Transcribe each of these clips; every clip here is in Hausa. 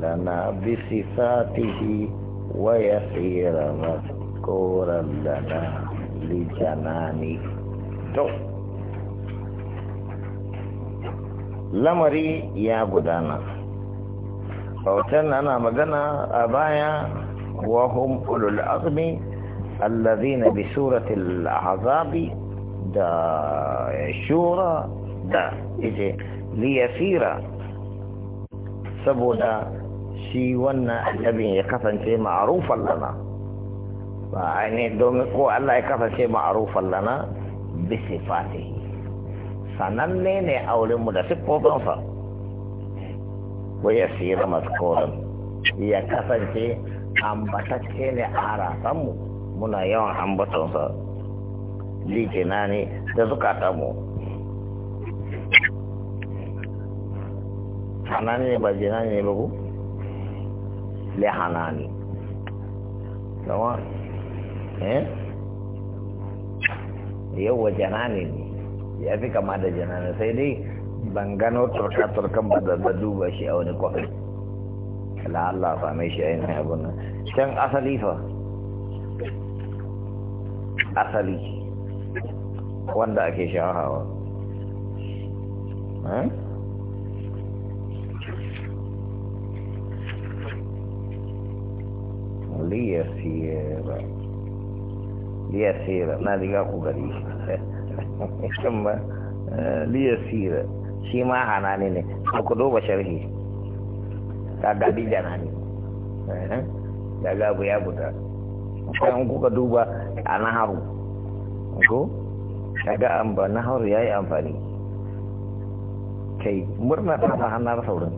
لنا بصفاته ويصير مذكورا لنا لجنانه تو لمري يا بدانا او انا مغنا ابايا وهم اولو العظم الذين بسوره العذاب دا شورا دا اجي ليسيرا سبودا shi wannan annabin ya kasance ma'arufan lana ba ne domin ko Allah ya kasance ma'arufan lana bisa fati sananne ne a wurinmu da siffofinsa ya sira maskoran ya kasance ambatacce ne a harasanmu muna yawan ambatonsa na ne da zukatanmu sananne ba jina ne ba ku lihanani sawa eh ya janani ne ya fi kama da janani sai dai ban gano turka-turkan ba da duba shi a wani kwafi la'allah same shi a yin abin nan can asali fa asali wanda ake shahawa eh liyasira liyasira na riga ku gari shan ba eh, liyasira shi ma hanani ne a ku duba sharhi ta gabi janani da eh, gabu ya buta kan kuka duba a naharu ko kaga an ba naharu ya yi amfani kai murna ta ta hannar saurin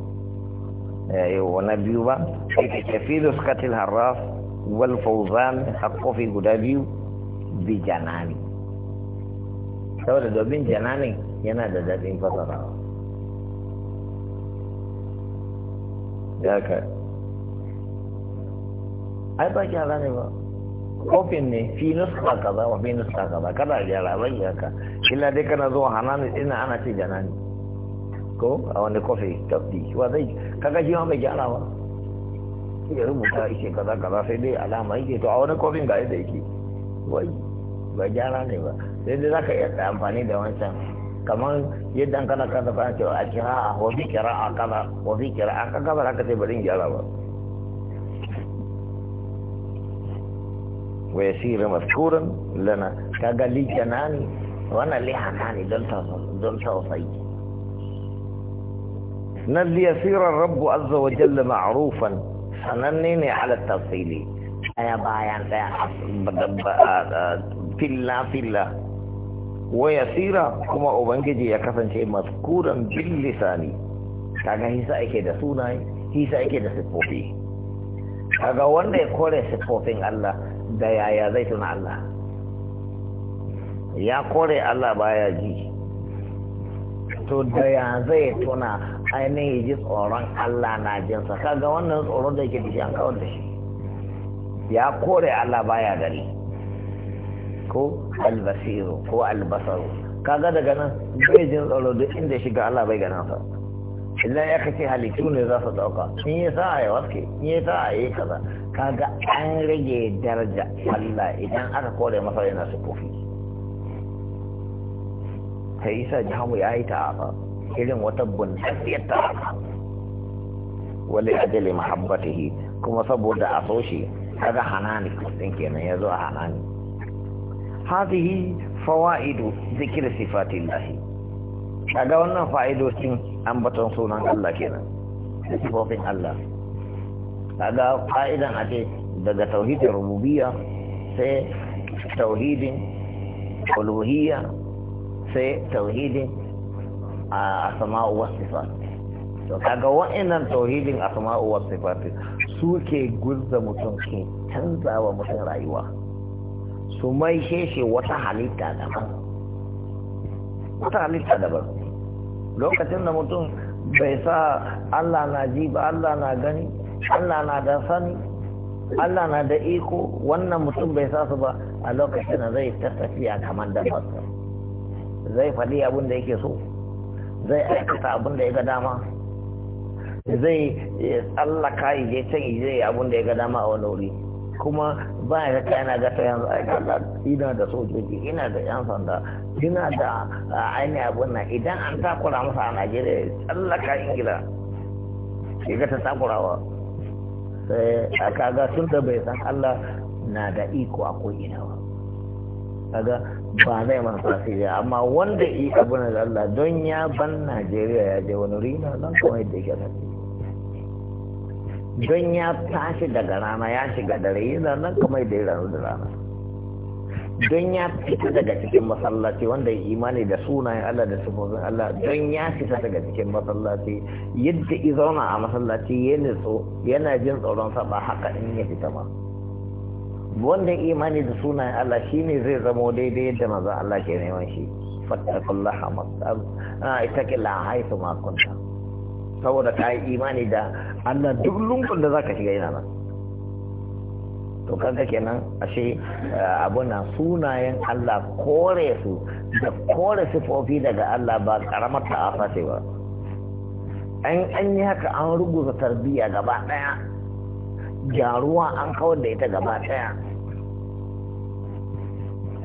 eh, yau wani biyu ba ita tafi da sukatil harraf wal fawzan haƙƙofi guda biyu bi janani saboda domin jananin yana da daɗin fasarawa ya ka ai ba gyara ne ba kofin ne fi nuska kaza wa fi nuska kaza kada gyara ba ya ka illa dai kana zuwa hanani ina ana ce janani ko a wani kofi tabbi wa zai kaga shi ma bai gyara ba ya rubuta ishe kaza kaza sai dai alama yake to a wani kofin ga yadda yake wai ba gyara ne ba sai dai zaka iya amfani da wancan kamar yadda an kana kaza fara cewa a kira a wafi kira a kaza wafi kira a kaza ba zaka ce bari gyara ba shi yasira maskuran lana kaga na ne wannan na ne don tausayi نل يسير الرب عز وجل معروفا sananne ne ala tafsili ɗaya bayan daya filla filla wa yasira kuma ubangiji ya kasance maskuran bil lisani kaga hisa ake da sunaye hisa ake da sifofi kaga wanda ya kore sifofin Allah da yaya zai tuna Allah ya kore Allah baya ji to da ya zai tuna ainihin ji tsoron Allah na jinsa kaga wannan tsoron da yake da shi an kawar da shi ya kore Allah baya gari ko albasiru ko albasaru kaga daga nan bai jin tsoro duk inda shiga Allah bai ganin sa illa ya kace halittu ne za su dauka in ya sa ya waske in ya sa ya kaza kaga an rage daraja Allah idan aka kore masa yana su kofi sai isa jihamu ya yi ta'afa irin wata bundassiyar ta wani ajali mahabbatihi kuma saboda a so shi kaga hanani din kenan ya zo a hanani hadhihi fawaidu zikir a kaga wannan fa'idocin ambaton sunan Allah kenan sifofin Allah kaga fa'idan a ce daga tauhidin rububiya sai tauhidin uluhiyya sai tauhidin asma'u was sifat to kaga wa'annan tauhidin asma'u was sifat su ke gurza mutum ke canzawa mutum rayuwa su mai sheshe wata halitta daban wata halitta daban lokacin da mutum bai sa Allah na ji ba Allah na gani Allah na da sani Allah na da iko wannan mutum bai sa su ba a lokacin da zai tafiya kamar da zai faɗi abin da yake so zai aikata abin da ya ga dama zai tsallaka ije can ije abin da ya ga dama a wani wuri kuma ba ya zaka yana gata yanzu a ina da sojoji ina da yan sanda ina da aini abin nan idan an takura masa a najeriya tsallaka ingila gata ta takurawa sai a kaga sun da bai san allah na da iko a ko'ina ba kaga ba zai ma tasiri amma wanda yi abu na Allah don ya ban Najeriya ya je wani rina nan kuma yadda yake nan don ya tashi daga rana ya shiga dare yana nan kuma yadda ya ranar da rana don ya fita daga cikin masallaci wanda ya imani da sunayen Allah da sufofin Allah don ya fita daga cikin masallaci yadda i zauna a masallaci yana jin tsoron saba haka in ya fita ma. wanda imani da sunayen Allah ne zai zama daidai yadda maza Allah ke neman shi fattakullaha masal a ita ke ma kunta saboda yi imani da Allah duk lungun da zaka shiga yana nan to kanka kenan ashe eh, abuna sunayen Allah kore su da kore sifofi daga Allah ba karamar ta'afa ce ba an an yi haka an ruguza tarbiyya gaba daya gyaruwa an kawar da ita gaba daya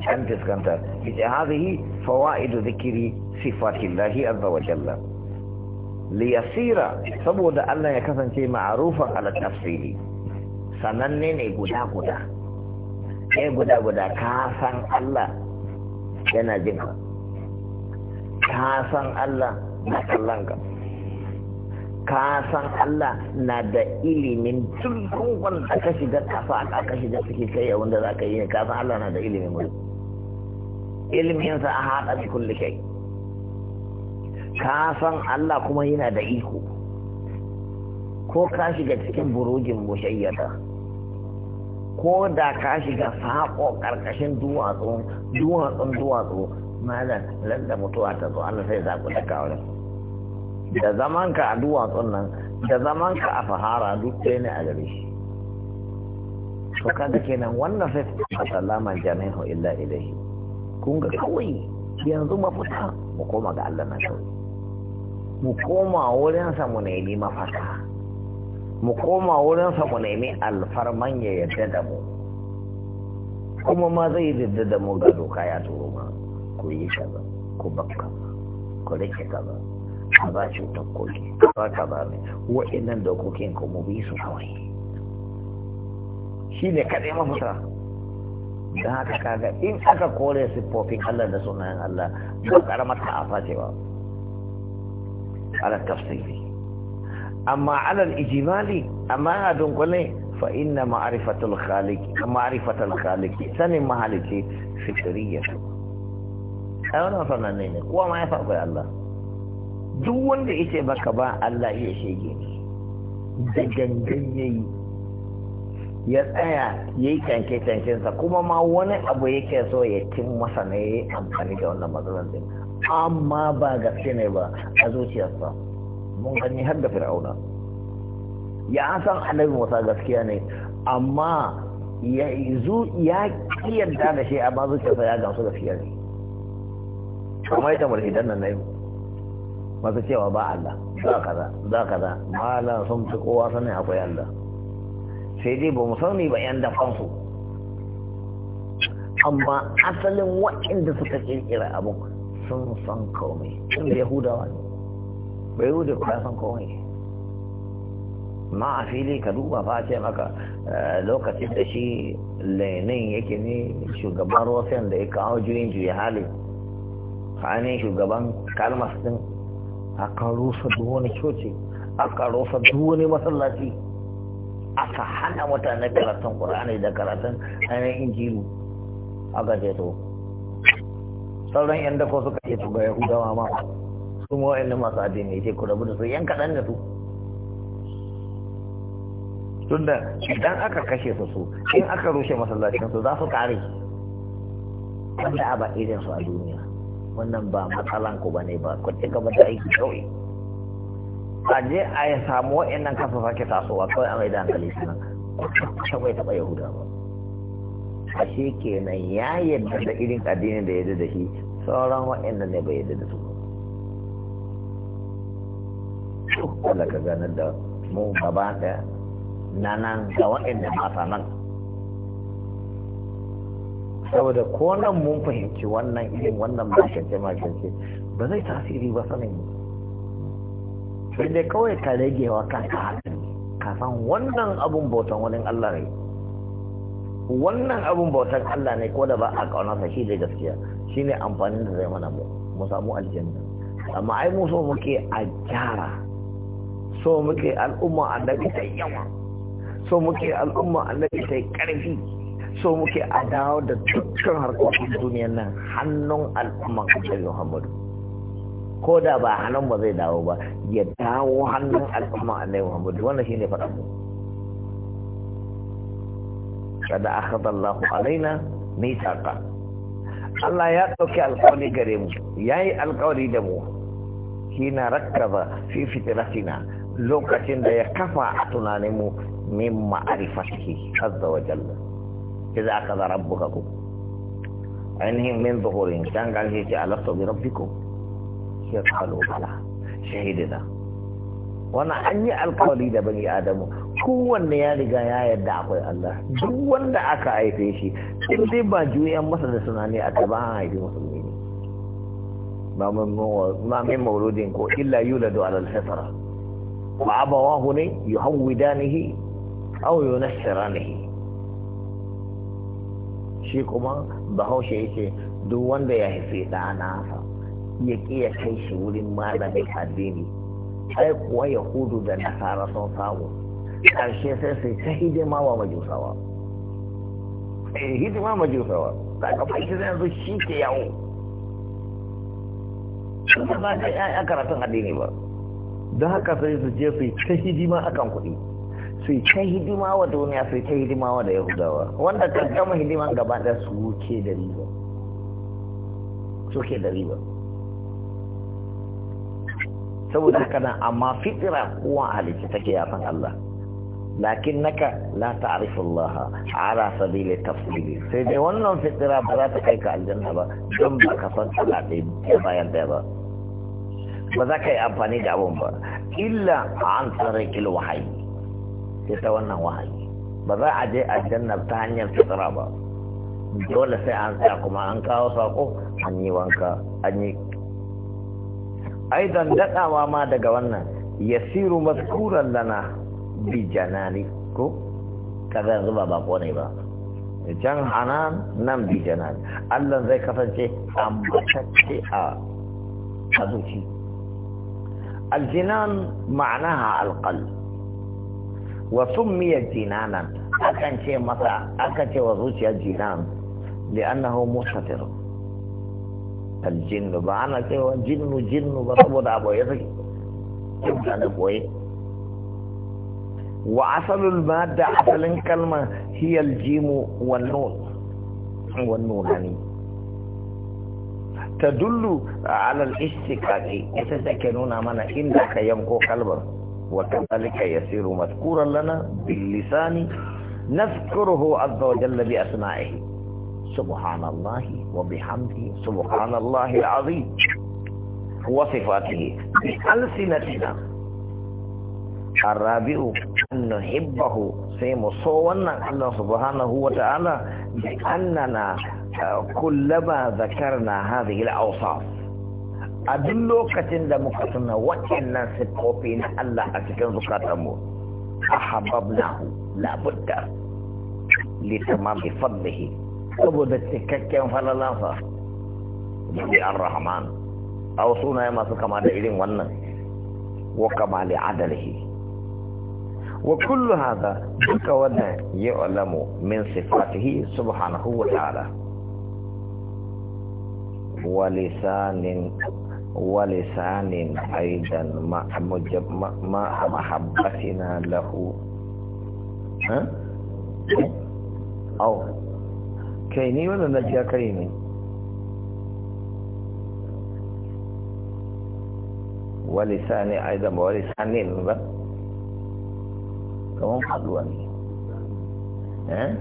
an fuskanta ita hadhihi fawaidu dhikri sifatillahi azza wa jalla liyasira saboda Allah ya kasance ma'rufan ala tafsili sananne ne guda guda kai eh, guda guda ka san Allah yana jin ka ka san Allah na kallon ka ka san Allah na da ilimin dukkan wanda ka shiga kafa aka shiga suke kai a wanda za ka yi ka san Allah na da ilimin mulki ilminsa a haɗa da kulli kai ka san Allah kuma yana da iko ko ka shiga cikin burujin mushayyada ko da ka shiga saƙo ƙarƙashin duwatsu duwatsun duwatsu malam lalla mutuwa ta zo Allah sai zaku da kawo da zaman ka a duwatsun nan da zamanka a fahara duk ɗaya ne a gare shi to kaga kenan wannan sai sallama jami'u illa ilaihi kun ga kawai yanzu mafita mu koma ga Allah na kawai mu koma wurinsa mu nemi mafaka mu koma wurinsa mu nemi alfarman ya yarda da mu kuma ma zai yarda da mu ga doka ya turo ma ku yi kaza ku bakka ku rike kaza a ba cutar koki a ba ka ba mai wa'innan dokokin ku mu bi su kawai shi ne kaɗai mafita don haka kaga in aka kore siffofin Allah da sunayen Allah ba karamar ta'afa ce ba ala tafsiri amma ala ijimali amma a dunkule fa inna ma'rifatul khaliq ma'arifatul khaliki sanin mahalici fitriyya ai wannan sanan ne ne kowa ma ya faɗa Allah duk wanda ce baka ba Allah ya shege da gangan yayi ya tsaya ya yi kyanke kankensa kuma ma wani abu yake so ya cin masa ne ya amfani da wannan matsalar din amma ba gaske ne ba a zuciyarsa mun gani har da fir'auna ya san annabi musa gaskiya ne amma ya yarda da shi amma zuciyarsa ya gamsu gaskiya ne ya ita mulhidan nan na yau masu cewa ba Allah za ka za kaza malam sun fi kowa sanin akwai Allah sai dai ba mu ba yan dafansu amma asalin waɗanda suka ƙirƙira abin sun san komai sun da yahudawa ne ba yahudu ba san komai ma a fili ka duba fa ce maka eh, lokacin da shi lainin yake ne shugaban rossian da ya kawo juyin juya halin hannun shugaban kalmas din aka rusa duk wani coci aka rusa duk wani masallaci aka hana mutane karatun ƙur'ani da karatun ainihin injilu a gaje to sauran yan dako suka ce to ga yahudawa ma su ma wa'in masu addini ce ku rabu da su yan kaɗan da su tunda idan aka kashe su su in aka rushe masallacin su za su kare wanda a ba irin su a duniya wannan ba matsalan ku ne ba ku ci gaba da aiki kawai a je a yi samu wa'annan kafa sake tasowa kawai a mai da hankali sanan can bai taɓa yahuda ba a shi kenan ya yadda da irin addinin da ya da shi sauran wa'annan ne bai yadda da su Allah ka ganar da mu gaba da na nan ga wa'annan masa nan saboda ko nan mun fahimci wannan irin wannan makance makance ba zai tasiri ba sanin mu sai dai kawai ka rage wa kanka hakan ka san wannan abun bautan wani Allah ne wannan abun bautan Allah ne ko da ba a kauna sa shi da gaskiya shine amfani da zai mana mu mu samu aljanna amma ai mu so muke a jara so muke al'umma annabi ta yawa so muke al'umma annabi ta karfi so muke a dawo da dukkan harkokin duniyar nan hannun al'umma kan Muhammadu ko da ba hannun ba zai dawo ba ya dawo hannun al'umma annabi Muhammad wannan ne faɗan mu kada akhadha Allah alaina mai mithaqa Allah ya dauki alƙawari gare mu ya yi alƙawari da mu Shi na rakaba fi fitratina lokacin da ya kafa a tunanin mu min ma'rifatihi azza wa jalla idza akhadha rabbuka ainihin min zuhurin kan gan shi alastu bi rabbikum ya kalo shahidina wannan an yi alkawari da bani adamu kowanne ya riga ya yarda akwai Allah duk wanda aka haife shi in dai ba juyan masa da suna ne a taba an haife musulmi ne ma mai mauludin ko illa da alal fitra wa abawahu ne yuhawwidanihi aw yunassiranihi shi kuma bahaushe yake duk wanda ya haife ɗana fa ya ƙiya kai shi wurin malamin addini ai kuwa yahudu da nasara sun samu ƙarshe sai sai ta hidima wa majusawa eh, hidima majusawa kaga fashi sai yanzu shi ke yawo sun ba za ka karatun addini ba don haka sai su je su ta hidima akan kuɗi su ta hidima wa duniya su ta hidima wa da yahudawa wanda ka gama hidiman gaba da su ke da riba suke da riba saboda haka nan amma fitira kowa halitta take ya san Allah lakin naka la ta'rifu Allah ala sabili tafsili sai dai wannan fitira ba za ta kai ka aljanna ba don ba ka san Allah dai bayan da ba ba za ka yi amfani da abun ba illa an tsarikil wahayi sai ta wannan wahayi ba za a je aljanna ta hanyar fitira ba dole sai an tsaya kuma an kawo sako an yi wanka an yi aidan dadawa ma daga wannan yasiru mazkuran lana bi janani ko kaza yanzu ba bako ne ba jan hanan nan bi janani Allah zai kasance ambatacce a hazuci aljinan ma'anaha alqal wa summiya jinanan akan ce masa aka ce wa zuciya jinan li'annahu mustatir aljinnu ba ana cewa jinnu jinnu ba saboda abu ya sake kyauta da boye wa asalul madda asalin kalma hiya aljimu wan nun wan nunani tadullu ala al-istiqaqi ita take nuna mana inda ka yanko kalmar wa kadhalika yasiru madhkuran lana bil lisani نذكره عز وجل بأسمائه سبحان الله وبحمده سبحان الله العظيم وصفاته بألسنتنا الرابع أن نحبه صوانا الله سبحانه وتعالى بأننا كلما ذكرنا هذه الأوصاف لمكتن لمكتنا وإن سبقوبين الله أتكن ذكرتمو أحببناه لابد لتمام فضله saboda cikakken falalansa bi ar-rahman aw sunaye masu kama da irin wannan wa kamali adalihi wa kullu hada duka wannan ya alamu min sifatihi subhanahu wa ta'ala wa lisanin aidan ma mahabbatina lahu ha كيني ولا نجيا كيني ولساني أيضا ولساني لغة كمان حلواني ها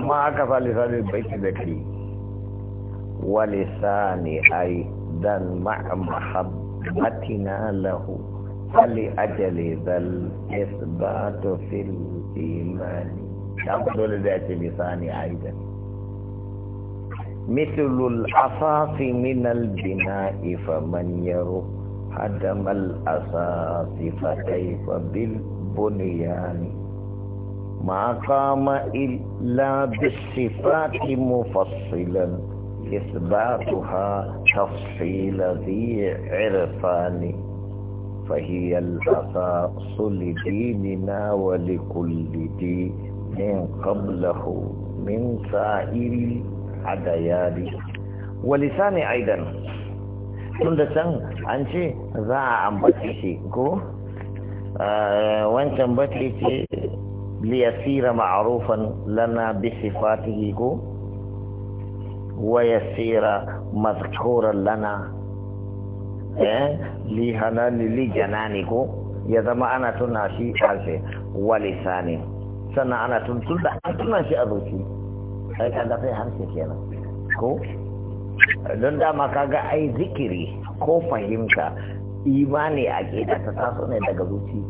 ما أكفى لسان البيت ذكري ولساني أيضا مع محبتنا له فلأجل ذا الإثبات في الإيمان تقول نعم، ذات بثاني أيضا مثل الأساس من البناء فمن يرو هدم الأساس فكيف بالبنيان ما قام إلا بالصفات مفصلا إثباتها تفصيل ذي عرفاني فهي الأساس لديننا ولكل دين قبله من سائر الأديان ولسان أيضا tunda can an ce za a ambace shi ko wancan bace ce liyasira ma'arufan lana bi sifatihi ko wa yasira mazkuran lana Eh, li hanani li janani ko ya zama ana tuna shi harshe wa lisani sannan ana tuntun da an tuna shi a zuci sai ka ga sai harshe kenan ko don dama ka ga ai zikiri ko fahimta imani a ƙida ta taso ne daga zuci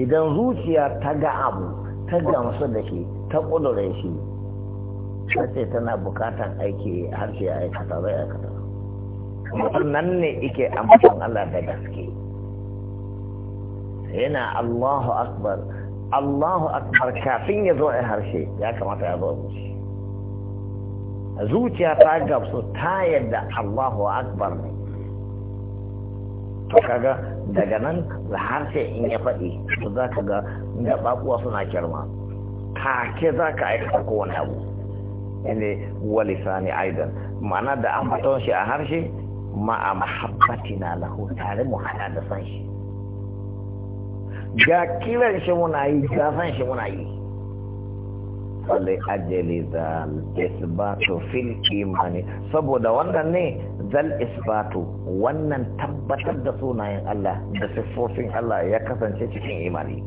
idan zuciya ta ga abu ta gamsu da shi ta ƙudure shi sai tana bukatan aiki harshe a aikata zai aikata nan ne ike amfan Allah da gaske yana Allahu akbar Allahu akbar kafin ya zo a harshe ya kamata ya zo zuci zuciya ta gabsu ta yadda Allahu akbar ne to kaga daga nan da harshe in ya faɗi to za ka ga da bakuwa suna kirma kake za ka aikata kowane abu ne walisani aidan ma'ana da an fata shi a harshe ma'a mahabbatina lahu tare mu hada da san shi ga kiran shi muna yi ga san shi muna yi fali ajali da isbatu fil imani saboda wannan ne zal isbatu wannan tabbatar da sunayen Allah da siffofin Allah ya kasance cikin imani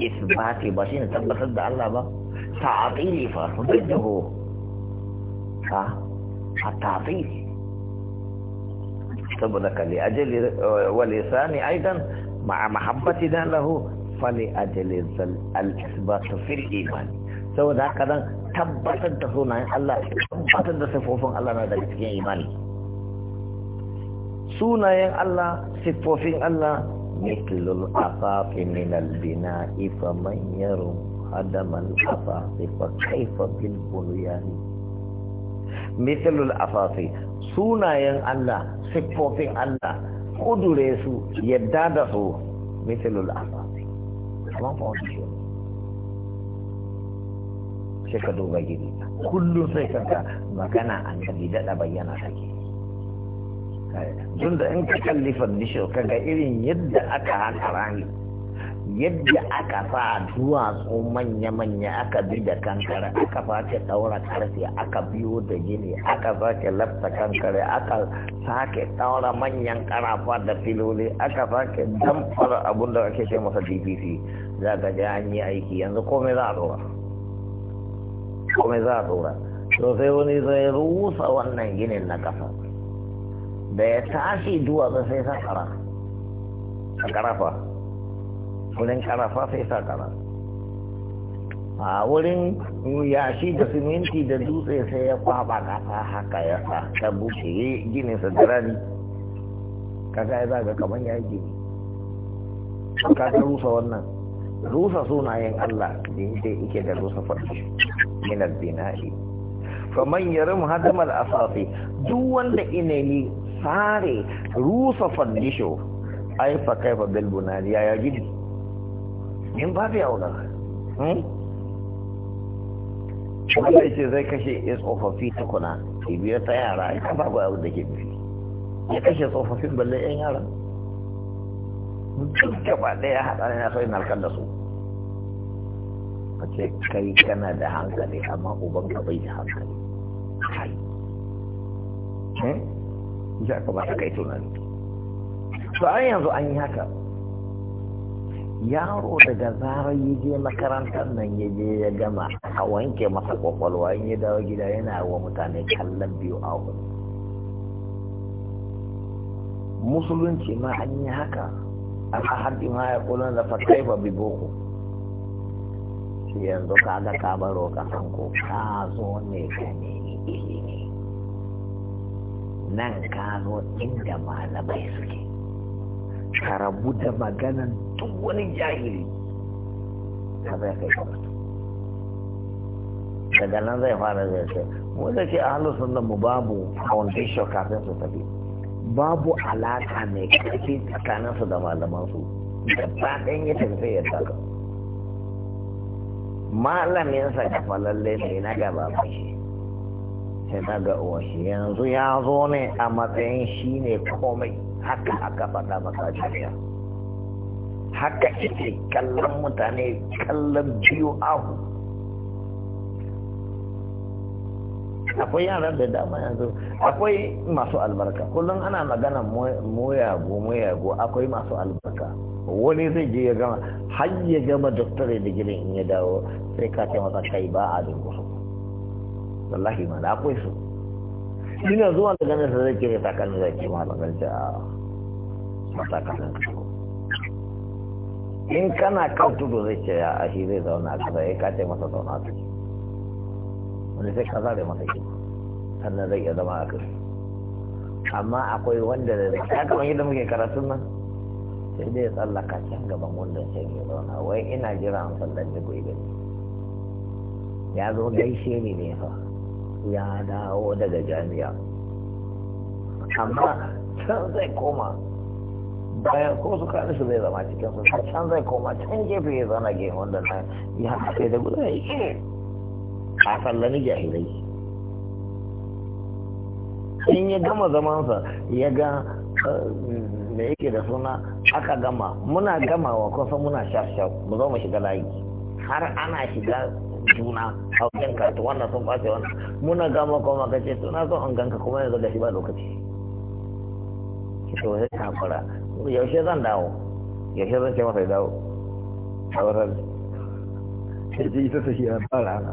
isbati ba shi ne tabbatar da Allah ba ta'atili fa hujjahu ha ta'atili فضلك لأجل ولساني أيضا مع محبتنا له فلأجل الإثبات في الإيمان سو ذاك tabbatar da sunayen Allah tabbatar da siffofin Allah na daga cikin imani sunayen Allah sifofin Allah mitlul afafi min albina ifa man yarum sunayen Allah siffofin Allah kudure su yadda da su misalul asafi kamar fa wani shi sai ka duba gini kullum sai ka ga magana an gabi daɗa bayyana take tun da in ka kalli fadisho ka irin yadda aka haka rani yadda aka fa duwatsu manya-manya aka bi da kankare aka face daura karfe aka biyo da gini aka sake lafta kankare aka sake daura manyan karafa da filoli aka sake damfara abun da ake ce masa dpc za ka ji an yi aiki yanzu komai za a dora komai za a dora to sai wani zai rusa wannan ginin na kasa da ya tashi duwatsu sai sakara sakara fa wurin karafa sai sa kara a wurin yashi da siminti da dutse sai ya kwaba kasa haka ya sa ta buke yi ginin sa da rani kaga ya zaga kamar ya yi gini ta rusa wannan rusa sunayen Allah da yake ike da rusa farki minar al kamar faman yarim a asasi duk wanda inani sare rusa fardisho ai fa kaifa bil bunadi ya yaji in ba fi aula wanda ce zai kashe ya tsofaffi tukuna biyar ta yara ya kafa ba da ke fi ya kashe tsofaffin balle yan yara duk ba ɗaya haɗa ne na so ina alkan da su a ce kai kana da hankali amma ka bai da hankali kai hmm? ya kamata kai tunani to an yanzu an yi haka yaro daga zarar ya je makarantar nan ya je ya gama a wanke masa kwakwalwa in ya dawo gida yana wa mutane kallon biyu a musulunci ma an yi haka al'ahadi ma ya kulun da fakai ba bi boko yanzu ka ga ka baro kasan ko ka zo ne ka ne ilimi nan ka zo inda malamai suke ka rabu da maganan duk wani jahili ka zai kai daga nan zai fara zai ce mu da ke ahalu sunan mu babu foundation kafin su tafi babu alaka mai karfi tsakanin su da malaman su da fadin ya tafi ya taka malamin sa falalle ne na gaba shi sai na ga uwa shi yanzu ya zo ne a matsayin shi ne komai haka aka faɗa masa duniya haka ita kallon mutane kallon biyu ahu akwai yaran da dama yanzu akwai masu albarka kullum ana magana moyago moyago akwai masu albarka wani zai je ya gama har ya gama doktore digirin in ya dawo sai ka ce masa kai ba a su wallahi ma akwai su ina zuwa da ganin sa zai kire takalmi zai ce malam garja masa in kana kan tudu zai ce ya ashi zai zauna a kasa ya kace masa zauna su ciki wani sai kaza zare masa ki sannan zai iya zama a kai amma akwai wanda da ya kamar yadda muke karatun nan sai dai tsallaka can gaban wanda sai ke zauna wai ina jira an sallar da gobe ya zo gaishe ni ne fa ya dawo daga jami'a amma can zai koma bayan ko su kaɗa su zai zama cikin su har can zai koma can gefe ya zana gefe wanda na ya haɗe da guda ya a sallani jahilai in ya gama zamansa ya ga da eh, yake da suna aka gama muna gamawa kusan muna shaf-shaf mu zo mu shiga layi har ana shiga juna haukin kartu wannan sun fashe wannan muna gama kuma kace suna zo an ganka kuma yanzu ga shi ba lokaci to ya takura yaushe zan dawo yaushe zan ce masa ya dawo shawarar sai ji ta tashi a fara na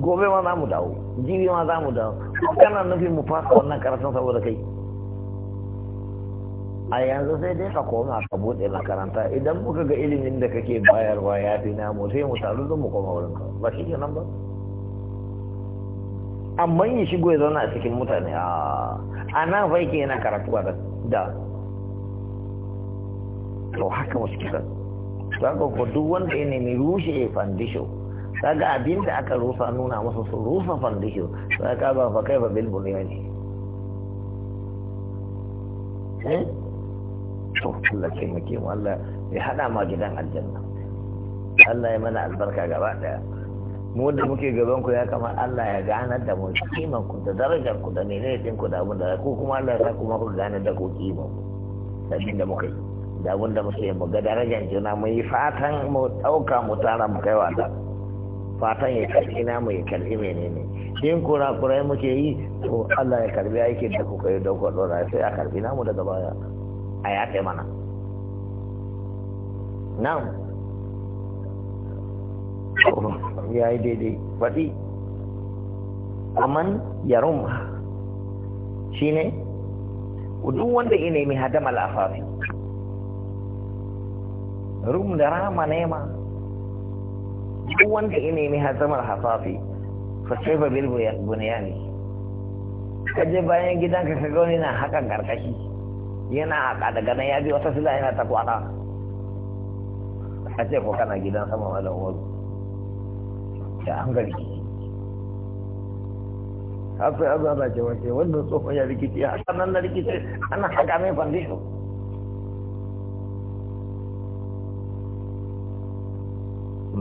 gobe ma za mu dawo jibi ma za mu dawo kana nufin mu fasa wannan karatun saboda kai a yanzu sai dai ka koma ka buɗe makaranta idan muka ga ilimin da kake bayarwa ya fi namu sai mu taru don mu koma wurin ka ba shi kenan ba amma yi shigo ya zauna a cikin mutane a nan fa yake yana karatu da to haka wasu kisan zaka ku duk wanda ya nemi rushe fandisho kaga abin da aka rufa nuna masa su rufa fandisho zaka ba fa kai ba bil bunyani eh to Allah ke muke mu Allah ya hada ma gidan aljanna Allah ya mana albarka gaba daya mu da muke gaban ku ya kamar Allah ya ganar da mu kiman ku da darajar ku da menene din ku da abin da ku kuma Allah ya sa ku ma ku ganar da ku kiman ku da muke yi da abinda muke mu ga darajar juna mu yi fatan mu ɗauka mu tara mu kai wata fatan ya karɓi na mu ya karɓi menene in kura kurai muke yi to Allah ya karɓi aikin da kuka yi dauka dora sai a karɓi mu daga baya a kai mana nan ya yi daidai faɗi aman yarum shi ne duk wanda ya nemi hadama al'afafi rum da rama nema duk wanda ne nemi hazamar hasafi fa sai ba bilbu ya buniyani kaje bayan gidan ka ga wani na hakan karkashi yana haka daga nan ya bi wata sila yana ta kwana a ce ko kana gidan sama wala wani ya an gari haka ya zaba ce wace wannan tsohon ya rikici a nan na rikici ana haka mai fandishin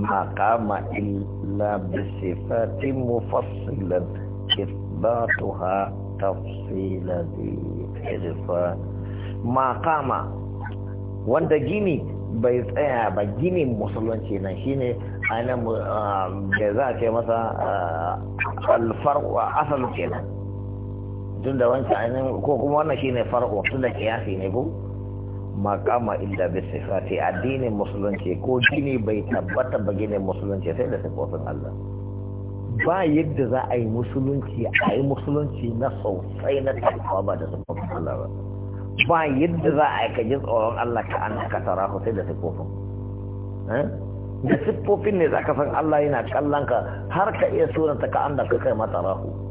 ما قام إلا بصفات مفصلا إثباتها تفصيلا بإرفان ما قام wanda gini bai tsaya ba ginin musulunci na. shine ainihin da za masa alfarwa asalu kenan tun da wancan ainihin ko kuma wannan shine farko tun da kiyasi ne ko makama illa bi sifati addinin musulunci ko gini bai tabbata ba gini musulunci sai da sifofin Allah ba yadda za a yi musulunci a yi musulunci na sosai na tafiya ba da sifofin Allah ba ba yadda za a yi ka ji tsoron Allah ka an ka tara sai da sifofin eh? da sifofin ne za ka san Allah yana kallon ka har ka iya sunanta ka an da ka kai mata rahu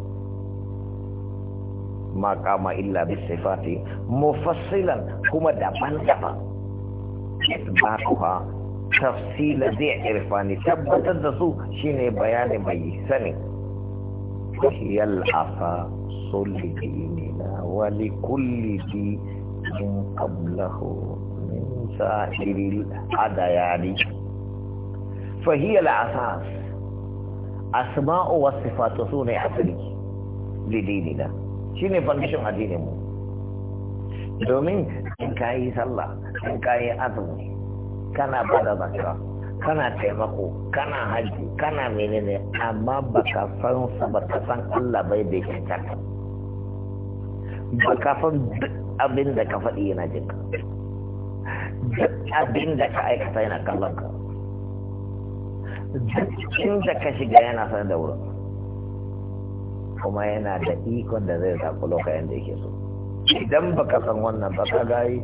ma kama illa sifati mufassilan kuma daban-daban isbatuha tafsila zai irfani tabbatar da su shine bayani mai sani yal afa sulli dinina wa li kulli di in qablahu min sa'iril adayani al asas asma'u was sifatu sunai asli lidinina shi ne foundation addinin mu domin in ka yi sallah in ka yi azumi kana ba da zakka kana taimako kana haji kana menene amma baka san sa baka san Allah bai da shi ba ka san duk abin da ka faɗi yana duk abin da ka aikata yana kallon ka duk inda ka shiga yana sanar da wurin kuma yana da ikon da zai zaɓi lokacin da yake so idan baka san wannan ba ka gari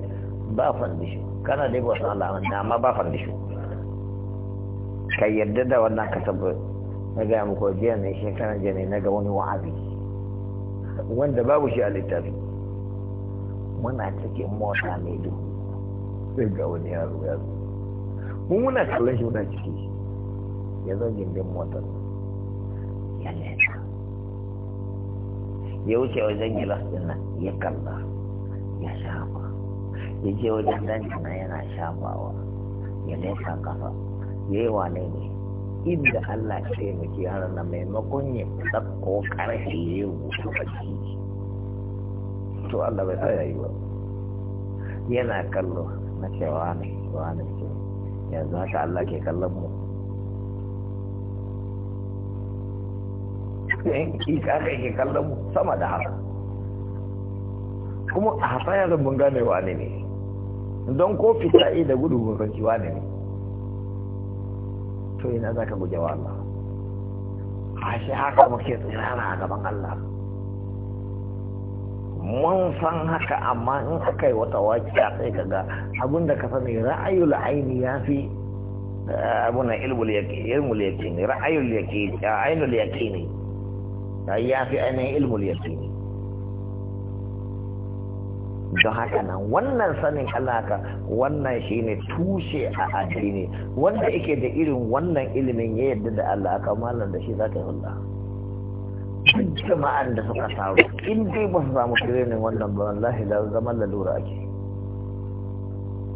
ba fandisho kana dai ba san na amma ba fandisho ka yarda da wannan ka na gaya muku jiya ne kana jiya ne na ga wani wa'azi wanda babu shi a littafi muna cikin mota mai duhu sai ga wani yaro ya zo mun muna kallon shi muna ciki ya zo gindin motar ya ne. ya wuce wajen gilas din nan ya kalla ya shafa ya je wajen danji nan yana shafawa ya nesa kafa ya yi wane ne inda Allah ya taimaki yaran na maimakon ya ɗauko ƙarfe ya yi wuce a jiki to Allah bai sa yi ba yana kallo na cewa ne cewa ne ce yanzu haka Allah ke kallon mu yan kika ke kallon sama da haka kuma a hasaya zan mun ne ne don ko fita da gudu mun san ki ne to ina zaka guje wa Allah ashe haka muke tsirara a gaban Allah mun san haka amma in aka yi wata wakiya sai kaga abin da ka sani ra'ayul aini ya fi eh, abuna ilmul yaqin ra'ayul yaqin ainul yaqini sai ya fi ainihin ilmul yaqini don haka nan wannan sanin Allah wannan shine tushe a addini wanda yake da irin wannan ilimin ya yarda da Allah haka malam da shi zaka yi jama'an da suka taru in dai ba su samu training wannan ba wallahi da zaman lalura ake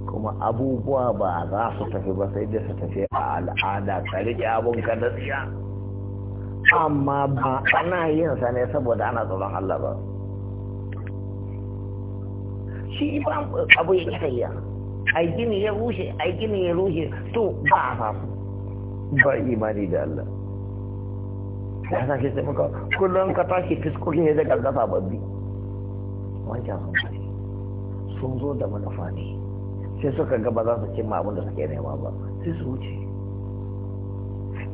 kuma abubuwa ba za su tafi ba sai dai su tafi a al'ada ka rike abun ka amma ba ana yin sa ne saboda ana tsoron Allah ba shi ba abu ya kitayya ai gini ya rushe ai gini ya rushe to ba a samu ba imani da Allah ya sa shi sai muka kullum ka tashi fiskoki ne da gargasa babbi wancan sun kai sun zo da manufa ne sai suka ga ba za su cimma abin da suke nema ba sai su wuce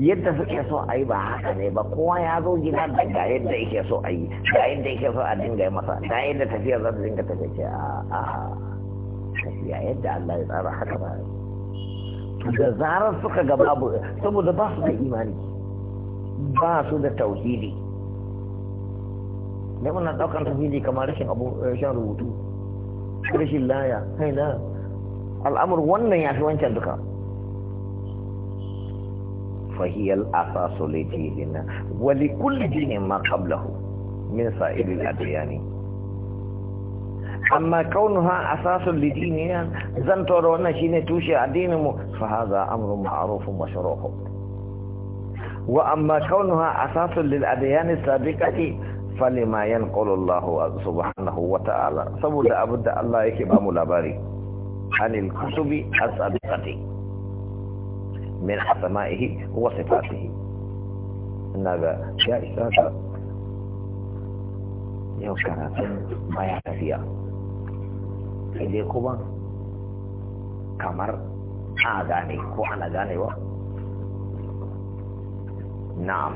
yadda suke so a yi ba haka ne ba kowa ya zo gina da ga yadda yake so a yi ga yadda yake so a dinga yi masa ga yadda tafiya za ta dinga tafiya ce a a tafiya yadda Allah ya tsara haka ba da zarar suka ga babu saboda ba su da imani ba su da tauhidi ne muna daukan tauhidi kamar rashin abu shan rubutu rashin laya kai na al'amur wannan ya fi wancan duka فهي الأساس لديننا ولكل دين ما قبله من سائر الأديان أما كونها أساس لديننا زن ترون شين توشي دينه فهذا أمر معروف مشروع وأما كونها أساس للأديان السابقة فلما ينقل الله سبحانه وتعالى سبب أبدا الله يكبام لباري عن الكتب السابقة min asma'ihi wa sifatihi ina ga ya isa ka yau karatun baya tafiya kuma kamar a gane ko ana ganewa na'am